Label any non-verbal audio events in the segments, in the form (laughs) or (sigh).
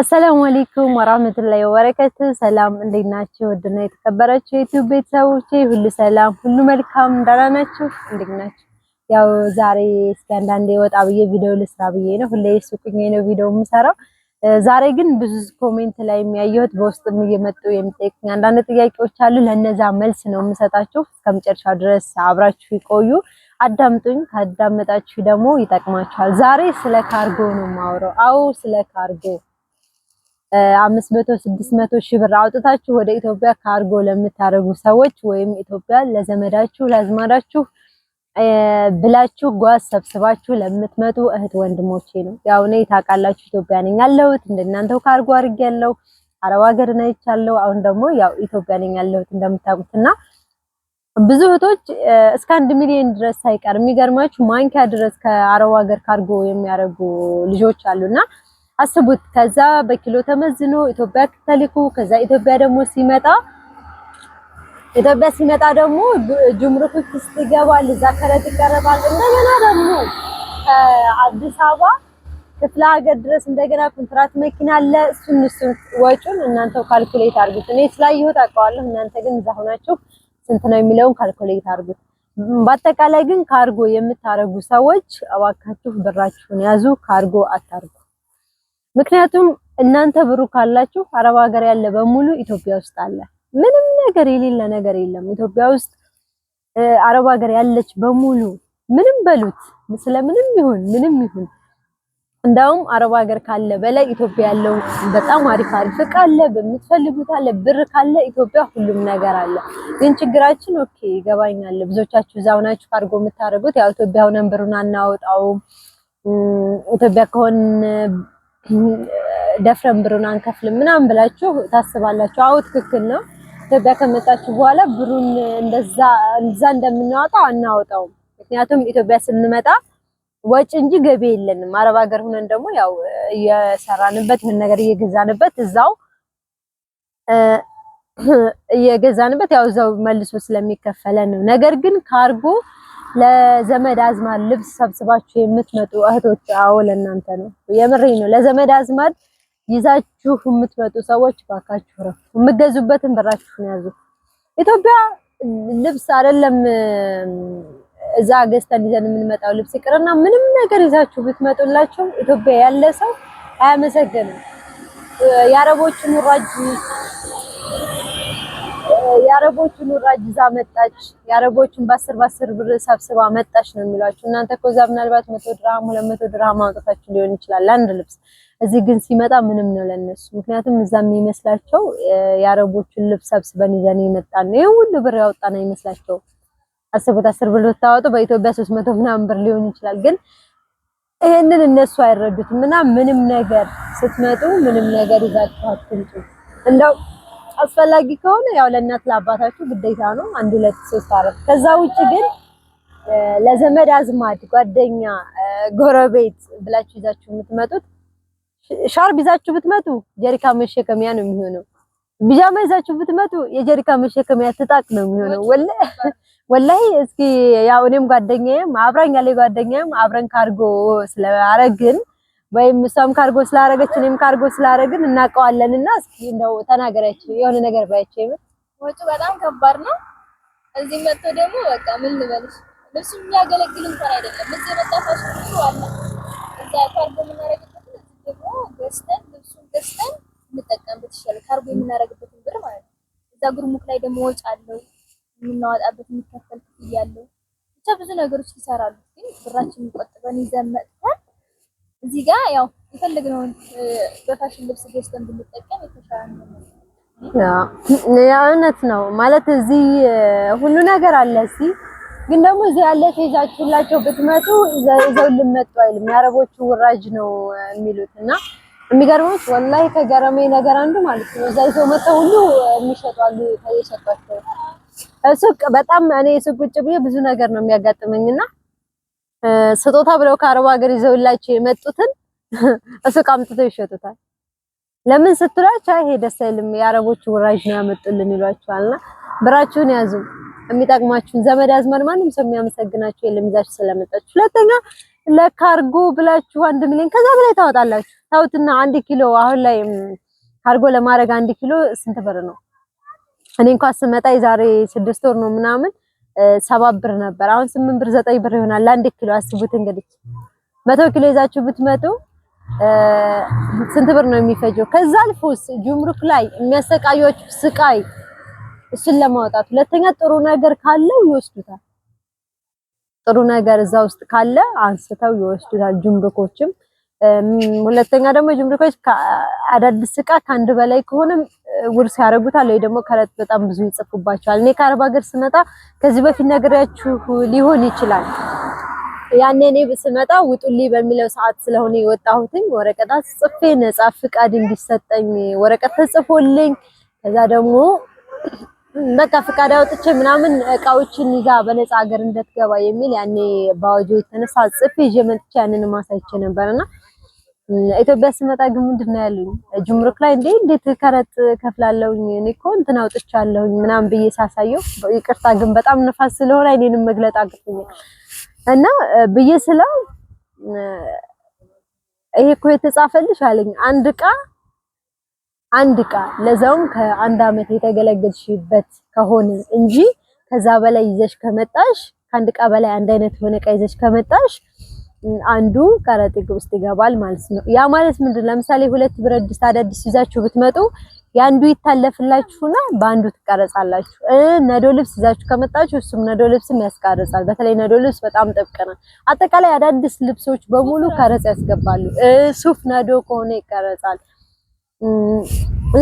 አሰላሙ አለይኩም ወራህመቱላሂ ወበረከቱ። ሰላም እንዴት ናችሁ? ውድና የተከበራችሁ የዩቲዩብ ቤተሰቦቼ ሁሉ ሰላም፣ ሁሉ መልካም፣ ደህና ናችሁ? እንዴት ናችሁ? ያው ዛሬ እስኪ አንዳንዴ ወጣ ብዬ ቪዲዮ ልስራ ብዬ ነው። ሁሌ ሱቅኝ ነው ቪዲዮ የምሰራው። ዛሬ ግን ብዙ ኮሜንት ላይ የሚያየሁት በውስጥም እየመጡ የሚጠይቁኝ አንዳንድ ጥያቄዎች አሉ። ለነዛ መልስ ነው የምሰጣችሁ። እስከመጨረሻ ድረስ አብራችሁ ይቆዩ፣ አዳምጡኝ። ካዳመጣችሁ ደግሞ ይጠቅማችኋል። ዛሬ ስለ ካርጎ ነው የማወራው። አዎ ስለ ካርጎ አምስት መቶ ስድስት መቶ ሺህ ብር አውጥታችሁ ወደ ኢትዮጵያ ካርጎ ለምታደርጉ ሰዎች ወይም ኢትዮጵያ ለዘመዳችሁ ለአዝማዳችሁ ብላችሁ ጓዝ ሰብስባችሁ ለምትመጡ እህት ወንድሞቼ ነው። ያው እኔ ታውቃላችሁ ኢትዮጵያ ነኝ ያለሁት። እንደናንተው ካርጎ አድርጌያለሁ። አረብ ሀገር ነይቻለሁ። አሁን ደግሞ ያው ኢትዮጵያ ነኝ ያለሁት እንደምታውቁትና ብዙ እህቶች እስከ አንድ ሚሊዮን ድረስ ሳይቀር የሚገርማችሁ ማንኪያ ድረስ ከአረብ ሀገር ካርጎ የሚያደርጉ ልጆች አሉና አስቡት። ከዛ በኪሎ ተመዝኖ ኢትዮጵያ ተልኮ ከዛ ኢትዮጵያ ደግሞ ሲመጣ ኢትዮጵያ ሲመጣ ደግሞ ጅምሩክ ውስጥ ይገባል። እዛ ከረት ይቀርባል። እንደገና ደግሞ አዲስ አበባ ክፍለ ሀገር ድረስ እንደገና ኮንትራት መኪና አለ። እሱን እሱን ወጪውን እናንተው ካልኩሌት አድርጉት። እኔ ስላየሁት አውቀዋለሁ። እናንተ ግን እዛ ሆናችሁ ስንት ነው የሚለውን ካልኩሌት አድርጉት። በአጠቃላይ ግን ካርጎ የምታረጉ ሰዎች እባካችሁ ብራችሁን ያዙ። ካርጎ አታርጉ። ምክንያቱም እናንተ ብሩ ካላችሁ አረብ ሀገር ያለ በሙሉ ኢትዮጵያ ውስጥ አለ። ምንም ነገር የሌለ ነገር የለም። ኢትዮጵያ ውስጥ አረብ ሀገር ያለች በሙሉ ምንም በሉት ስለምንም ይሁን ምንም ይሁን እንዳውም አረብ ሀገር ካለ በላይ ኢትዮጵያ ያለው በጣም አሪፍ አሪፍ ካለ በምትፈልጉት አለ ብር ካለ ኢትዮጵያ ሁሉም ነገር አለ። ግን ችግራችን ኦኬ ይገባኛል። ብዙዎቻችሁ እዛው ናችሁ ካርጎ የምታደርጉት ያው ኢትዮጵያ ሆነን ብሩን አናወጣውም ኢትዮጵያ ከሆን ደፍረን ብሩን አንከፍልም ምናምን ብላችሁ ታስባላችሁ። አዎ ትክክል ነው። ኢትዮጵያ ከመጣችሁ በኋላ ብሩን እንደዛ እንደዛ እንደምናወጣው አናወጣውም። ምክንያቱም ኢትዮጵያ ስንመጣ ወጪ እንጂ ገቢ የለንም። አረብ ሀገር ሆነን ደግሞ ያው እየሰራንበት ምን ነገር እየገዛንበት እዛው እየገዛንበት ያው እዛው መልሶ ስለሚከፈለን ነው። ነገር ግን ካርጎ ለዘመድ አዝማድ ልብስ ሰብስባችሁ የምትመጡ እህቶች፣ አዎ ለእናንተ ነው። የምሬ ነው። ለዘመድ አዝማድ ይዛችሁ የምትመጡ ሰዎች ባካችሁ ረፉ። የምገዙበትን ብራችሁን ያዙ። ኢትዮጵያ ልብስ አይደለም እዛ ገዝተን ይዘን የምንመጣው ልብስ ይቅርና ምንም ነገር ይዛችሁ ብትመጡላቸው ኢትዮጵያ ያለ ሰው አያመሰግንም። የአረቦችን ውራጅ የአረቦቹ ኑራጅ እዛ መጣች፣ የአረቦቹን በአስር በአስር ብር ሰብስባ መጣች ነው የሚሏችሁ። እናንተ እኮ እዛ ምናልባት መቶ ድራም ሁለት መቶ ድርሃም ሊሆን ይችላል አንድ ልብስ። እዚህ ግን ሲመጣ ምንም ነው ለነሱ። ምክንያቱም እዛ የሚመስላቸው የአረቦቹን ልብስ ሰብስበን ይዘን የመጣን ነው፣ ይህ ሁሉ ብር ያወጣን አይመስላቸው። አስቡት፣ አስር ብር ብታወጡ በኢትዮጵያ ሶስት መቶ ምናምን ብር ሊሆን ይችላል። ግን ይህንን እነሱ አይረዱትም እና ምንም ነገር ስትመጡ ምንም ነገር ይዛችሁ አትምጡ እንደው አስፈላጊ ከሆነ ያው ለእናት ለአባታችሁ ግዴታ ነው። አንድ ሁለት ሶስት አራት። ከዛ ውጭ ግን ለዘመድ አዝማድ፣ ጓደኛ፣ ጎረቤት ብላችሁ ይዛችሁ የምትመጡት ሻርብ ይዛችሁ ብትመጡ ጀሪካ መሸከሚያ ነው የሚሆነው። ቢጃማ ይዛችሁ ብትመጡ የጀሪካ መሸከሚያ ትጣቅ ነው የሚሆነው። ወላሂ እስኪ ያው እኔም ጓደኛዬም አብራኝ ያለ ጓደኛዬም አብረን ካርጎ ስለአረግን ወይም እሷም ካርጎ ስላደረገች እኔም ካርጎ ስላደረግን እናውቀዋለን። እና እስኪ እንደው ተናገረች የሆነ ነገር ባያችሁ ይበል። ወጪ በጣም ከባድ ነው። እዚህ መጥቶ ደግሞ በቃ ምን ልበልሽ ልብሱ የሚያገለግል እንኳን አይደለም። እዚህ የመጣ ፋሽን ሁሉ አለ። እዛ ካርጎ የምናደርግበት ደግሞ ገዝተን ልብሱን ገዝተን እንጠቀምበት ይሻላል። ካርጎ የምናደርግበትን ብር ማለት ነው። እዛ ጉርሙክ ላይ ደግሞ ወጪ አለው የምናወጣበት የሚከፈል ክፍያ አለው። ብቻ ብዙ ነገሮች ይሰራሉ። ግን ብራችን ቆጥበን ይዘን መጥተን እዚህ ጋር ያው የፈለግነውን በፋሽን ልብስ ገዝተን ብንጠቀም የተሻለ ነው። እውነት ነው ማለት እዚህ ሁሉ ነገር አለ። እስኪ ግን ደግሞ እዚህ ያለ ተይዛችሁላቸው ብትመጡ ይዘው ልመጡ አይልም። የአረቦቹ ውራጅ ነው የሚሉት እና የሚገርሙት ወላሂ ከገረመኝ ነገር አንዱ ማለት ነው እዛ ይዘው መጥተው ሁሉ የሚሸጡ አሉ። ሱቅ በጣም እኔ ሱቅ ቁጭ ብዬ ብዙ ነገር ነው የሚያጋጥመኝና ስጦታ ብለው ከአረብ ሀገር ይዘውላቸው የመጡትን (laughs) እሱቅ አምጥተው ይሸጡታል። ለምን ስትሏቸው ይሄ ደስ አይልም የአረቦች ውራጅ ነው ያመጡልን ይሏቸዋልና ብራችሁን ያዙ። የሚጠቅማችሁን ዘመድ አዝማድ ማንም ሰው የሚያመሰግናችሁ የለም ይዛችሁ ስለመጣችሁ። ሁለተኛ ለካርጎ ብላችሁ አንድ ሚሊዮን ከዛ በላይ ታወጣላችሁ። ታውትና አንድ ኪሎ አሁን ላይ ካርጎ ለማድረግ አንድ ኪሎ ስንት ብር ነው? እኔ እንኳን ስመጣ የዛሬ ስድስት ወር ነው ምናምን ሰባት ብር ነበር። አሁን ስምንት ብር ዘጠኝ ብር ይሆናል ለአንድ ኪሎ አስቡት እንግዲህ መቶ ኪሎ ይዛችሁ ብትመጡ ስንት ብር ነው የሚፈጀው? ከዛ አልፎስ ጁምሩክ ላይ የሚያሰቃያችሁ ስቃይ እሱን ለማውጣት ሁለተኛ ጥሩ ነገር ካለው ይወስዱታል። ጥሩ ነገር እዛ ውስጥ ካለ አንስተው ይወስዱታል ጁምሩኮችም። ሁለተኛ ደግሞ ጁምሩኮች አዳዲስ እቃ ከአንድ በላይ ከሆነ ውርስ ያደርጉታል ወይ ደግሞ ከረጥ በጣም ብዙ ይጽፉባቸዋል። እኔ ከአረብ ሀገር ስመጣ ከዚህ በፊት ነገሪያችሁ ሊሆን ይችላል። ያኔ እኔ ስመጣ ውጡልኝ በሚለው ሰዓት ስለሆነ የወጣሁትኝ ወረቀታት ጽፌ ነጻ ፍቃድ እንዲሰጠኝ ወረቀት ተጽፎልኝ ከዛ ደግሞ በቃ ፍቃድ አውጥቼ ምናምን እቃዎችን ይዛ በነፃ ሀገር እንደትገባ የሚል ያኔ በአዋጆ የተነሳ ጽፌ ይዤ መጥቼ ያንን ማሳይቼ ነበርና ኢትዮጵያ ስመጣ ግን ምንድን ነው ያሉኝ ጅምሩክ ላይ እንዴ እንዴት ከረጥ ከፍላለሁኝ እኔ እኮ እንትን አውጥቻለሁኝ ምናምን ብዬ ሳሳየው ይቅርታ ግን በጣም ነፋስ ስለሆነ አይኔንም መግለጥ አቅቶኛል እና ብዬ ስለው ይሄ እኮ የተጻፈልሽ አለኝ አንድ ዕቃ አንድ ለዛውም ከአንድ አመት የተገለገልሽበት ከሆነ እንጂ ከዛ በላይ ይዘሽ ከመጣሽ ከአንድ በላይ አንድ አይነት የሆነ እቃ ይዘሽ ከመጣሽ አንዱ ቀረጥ ውስጥ ይገባል ማለት ነው። ያ ማለት ምንድን ለምሳሌ ሁለት ብረት ድስት አዳዲስ ይዛችሁ ብትመጡ የአንዱ ይታለፍላችሁና በአንዱ ትቀረጻላችሁ። ነዶ ልብስ ይዛችሁ ከመጣችሁ እሱም ነዶ ልብስም ያስቀርጻል። በተለይ ነዶ ልብስ በጣም ጥብቅ ነው። አጠቃላይ አዳዲስ ልብሶች በሙሉ ቀረጽ ያስገባሉ። ሱፍ ነዶ ከሆነ ይቀረጻል።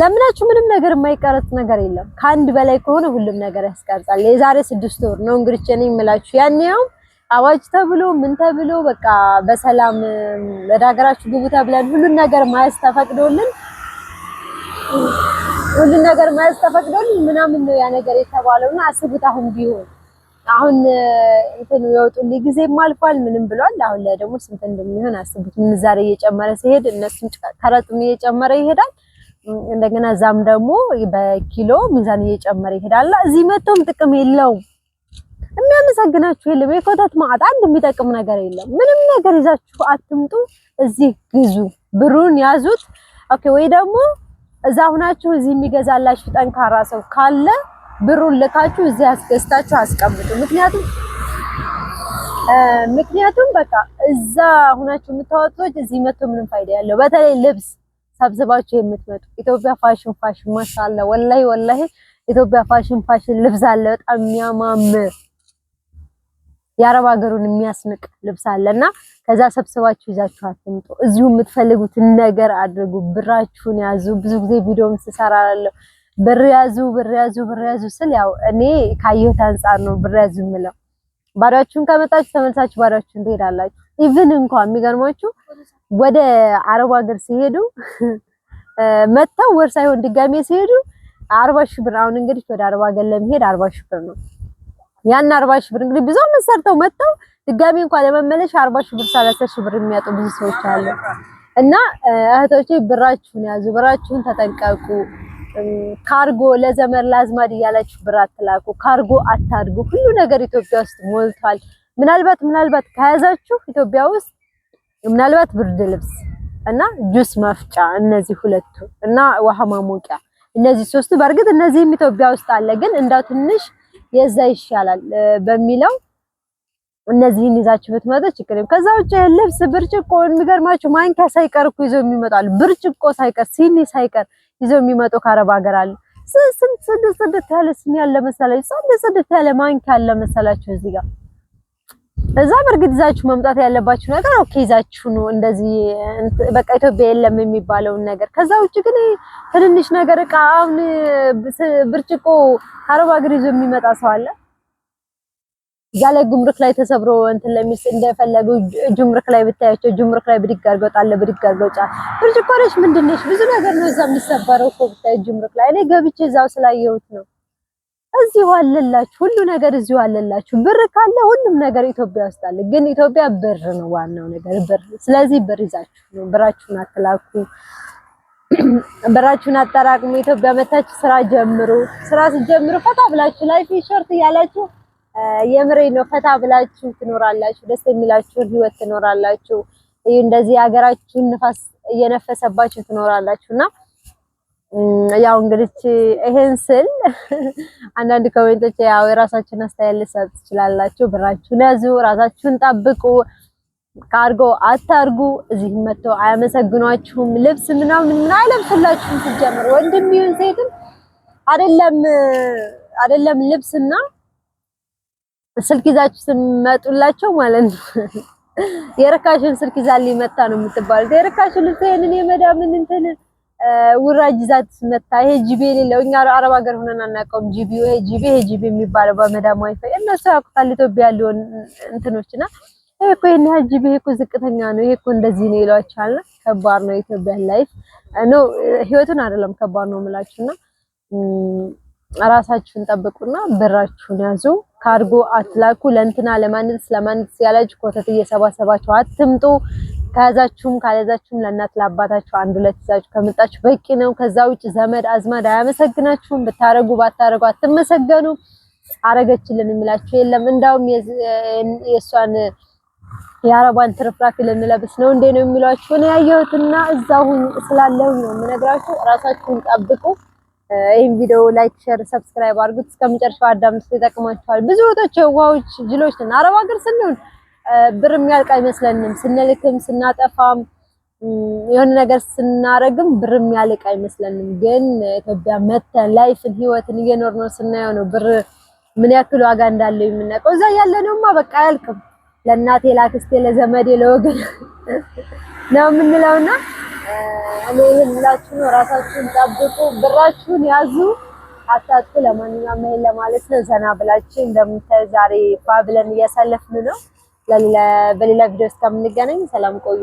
ለምናችሁ ምንም ነገር የማይቀረጽ ነገር የለም። ከአንድ በላይ ከሆነ ሁሉም ነገር ያስቀርጻል። የዛሬ ስድስት ወር ነው እንግዲህ እኔ የምላችሁ ያኔ አዋጅ ተብሎ ምን ተብሎ በቃ በሰላም ወደ ሀገራችሁ ግቡ ተብለን ሁሉን ነገር ማየት ተፈቅዶልን ሁሉን ነገር ማየት ተፈቅዶልን ምናምን ነው ያ ነገር የተባለውና አስቡት። አሁን ቢሆን አሁን እንትን የወጡልኝ ጊዜም አልፏል ምንም ብሏል። አሁን ላይ ደግሞ ስንት እንደሚሆን አስቡት። ምንዛሬ እየጨመረ ሲሄድ እነሱም ተረጥም እየጨመረ ይሄዳል። እንደገና እዛም ደግሞ በኪሎ ሚዛን እየጨመረ ይሄዳል። እዚህ መቶም ጥቅም የለውም። የሚያመሰግናችሁ የለም። የኮተት ማዕድ አንድ የሚጠቅም ነገር የለም። ምንም ነገር ይዛችሁ አትምጡ። እዚህ ግዙ፣ ብሩን ያዙት። ኦኬ። ወይ ደግሞ እዛ ሁናችሁ እዚህ የሚገዛላችሁ ጠንካራ ሰው ካለ ብሩን ልካችሁ እዚህ አስገዝታችሁ አስቀምጡ። ምክንያቱም ምክንያቱም በቃ እዛ ሁናችሁ የምታወጡ እዚህ መቶ ምንም ፋይዳ ያለው በተለይ ልብስ ሰብስባችሁ የምትመጡ ኢትዮጵያ ፋሽን ፋሽን ማሻአላ፣ ወላሂ ወላሂ ኢትዮጵያ ፋሽን ፋሽን ልብስ አለ በጣም የሚያማምር የአረብ ሀገሩን የሚያስንቅ ልብስ አለና ከዛ ሰብስባችሁ ይዛችሁ አትምጡ። እዚሁ የምትፈልጉትን ነገር አድርጉ። ብራችሁን ያዙ። ብዙ ጊዜ ቪዲዮም ስሰራ አላለሁ ብር ያዙ፣ ብር ያዙ፣ ብር ያዙ ስል ያው እኔ ካየሁት አንጻር ነው ብር ያዙ የምለው። ባዷችሁን ከመጣችሁ ተመልሳችሁ ባዷችሁን ትሄዳላችሁ። ኢቭን እንኳን የሚገርማችሁ ወደ አረብ ሀገር ሲሄዱ (laughs) መጥተው ወር ሳይሆን ድጋሜ ሲሄዱ አርባ ሺህ ብር አሁን እንግዲህ ወደ አረብ ሀገር ለመሄድ አርባ ሺህ ብር ነው ያን አርባ ሺህ ብር እንግዲህ ብዙ አመት ሰርተው መጥተው ድጋሚ እንኳን ለመመለሽ አርባ ሺህ ብር ሰላሳ ሺህ ብር የሚያጡ ብዙ ሰዎች አሉ። እና እህቶቼ ብራችሁን ያዙ፣ ብራችሁን ተጠንቀቁ። ካርጎ ለዘመድ ላዝማድ እያላችሁ ብር አትላኩ፣ ካርጎ አታድጉ። ሁሉ ነገር ኢትዮጵያ ውስጥ ሞልቷል። ምናልባት ምናልባት ከያዛችሁ ኢትዮጵያ ውስጥ ምናልባት ብርድ ልብስ እና ጁስ መፍጫ እነዚህ ሁለቱ እና ውሃ ማሞቂያ እነዚህ ሶስቱ በእርግጥ እነዚህም ኢትዮጵያ ውስጥ አለ፣ ግን እንዳው ትንሽ የዛ ይሻላል በሚለው እነዚህን ይዛችሁ ብትመጡ ችግር የለም። ከዛ ውጭ ልብስ፣ ብርጭቆ የሚገርማችሁ ማንኪያ ሳይቀር እኮ ይዘው የሚመጣሉ። ብርጭቆ ሳይቀር ሲኒ ሳይቀር ይዘው የሚመጡ ከአረብ ሀገር አሉ። ስንት ስንት ያለ ሲኒ አለ መሰላችሁ፣ ጽድት ጽድት ያለ ማንኪያ አለ መሰላችሁ እዚህ ጋር እዛ በእርግጥ ይዛችሁ መምጣት ያለባችሁ ነገር ኦኬ፣ ይዛችሁ ነው እንደዚህ በቃ ኢትዮጵያ የለም የሚባለውን ነገር። ከዛ ውጭ ግን ትንንሽ ነገር እቃ፣ አሁን ብርጭቆ አረብ ሀገር ይዞ የሚመጣ ሰው አለ። እዛ ላይ ጉምሩክ ላይ ተሰብሮ እንትን ለሚስ እንደፈለገው ጅምርክ ላይ ብታያቸው፣ ጅምርክ ላይ ብድግ አድርገው ጣል፣ ብድግ አድርገው ጫል። ብርጭቆ ነሽ ምንድን ነች ብዙ ነገር ነው እዛ የሚሰበረው እኮ ብታይ ጅምርክ ላይ። እኔ ገብቼ እዛው ስላየሁት ነው እዚሁ አለላችሁ፣ ሁሉ ነገር እዚሁ አለላችሁ። ብር ካለ ሁሉም ነገር ኢትዮጵያ ውስጥ አለ። ግን ኢትዮጵያ ብር ነው ዋናው ነገር ብር። ስለዚህ ብር ይዛችሁ ነው፣ ብራችሁን አትላኩ፣ (clears throat) ብራችሁን አጠራቅሙ። ኢትዮጵያ መታችሁ ስራ ጀምሩ። ስራ ስትጀምሩ ፈታ ብላችሁ ላይፍ ሾርት እያላችሁ የምሬ ነው፣ ፈታ ብላችሁ ትኖራላችሁ። ደስ የሚላችሁን ህይወት ትኖራላችሁ። እንደዚህ የሀገራችሁን ንፋስ እየነፈሰባችሁ ትኖራላችሁና ያው እንግዲህ ይሄን ስል (laughs) አንዳንድ ኮሜንቶች ያው የራሳችሁን አስተያየት ልትሰጥ ትችላላችሁ። ብራችሁን ያዙ፣ ራሳችሁን ጠብቁ፣ ካርጎ አታርጉ። እዚህ መጥተው አያመሰግኗችሁም። ልብስ ምናምን ምን አይለብሱላችሁም። ሲጀምር ወንድም ይሁን ሴትም አይደለም አይደለም ልብስና ስልክ ይዛችሁ ስመጡላቸው ማለት ነው። (laughs) የርካሽን ስልክ ይዛል ሊመታ ነው የምትባሉት። የርካሽን ልብስ ይሄንን የመዳምን እንትን ውራጅ ዛት መታ ይሄ ጂቢ የሌለው እኛ አረብ ሀገር ሆነን አናውቀውም። ጂቢ ይሄ ጂቢ ይሄ ጂቢ የሚባለው በመዳም ዋይፋይ እነሱ ያውቁታል። ኢትዮጵያ ያለውን እንትኖች እንትኖችና ይሄ እኮ ይሄን ያህል ጂቢ ይሄ እኮ ዝቅተኛ ነው፣ ይሄ እኮ እንደዚህ ነው ይሏቸዋል። እና ከባድ ነው ኢትዮጵያ ላይፍ ነው ህይወቱን አይደለም ከባድ ነው የምላችሁና ራሳችሁን ጠብቁና ብራችሁን ያዙ። ካርጎ አትላኩ። ለእንትና ለማንስ ለማንስ ያላችሁ ኮተት እየሰባሰባችሁ አትምጡ። ከያዛችሁም ካልያዛችሁም ለእናት ለአባታችሁ አንድ ሁለት ይዛችሁ ከመጣችሁ በቂ ነው። ከዛ ውጭ ዘመድ አዝማድ አያመሰግናችሁም። ብታረጉ ባታረጉ አትመሰገኑ። አረገችልን የሚላችሁ የለም። እንዳውም የእሷን የአረቧን ትርፍራፊ ልንለብስ ነው እንዴ ነው የሚሏችሁ። እኔ ያየሁትና እዛው ስላለሁኝ ነው የምነግራችሁ። ራሳችሁን ጠብቁ። ይህን ቪዲዮ ላይክ፣ ሼር፣ ሰብስክራይብ አድርጉት እስከመጨረሻው አዳምስ ይጠቅማችኋል። ብዙ ወቶች ዋዎች ጅሎች ነን። አረብ ሀገር ስንሆን ብር የሚያልቅ አይመስለንም። ስንልክም ስናጠፋም የሆነ ነገር ስናረግም ብር የሚያልቅ አይመስለንም። ግን ኢትዮጵያ መተን ላይፍን ህይወትን እየኖር ነው ስናየው ነው ብር ምን ያክል ዋጋ እንዳለው የምናውቀው። እዛ ያለነውማ በቃ አያልቅም። ለእናቴ ላክስቴ፣ ለዘመዴ፣ ለወገን (laughs) ነው የምንለውና እኔ ይህን ብላችሁ ነው ራሳችሁን ጠብቁ፣ ብራችሁን ያዙ አታጥቁ። ለማንኛውም ይሄን ለማለት ነው። ዘና ብላችሁ እንደምታይ ዛሬ ፋብለን እያሳለፍን ነው። በሌላ ቪዲዮ እስከምንገናኝ ሰላም ቆዩ።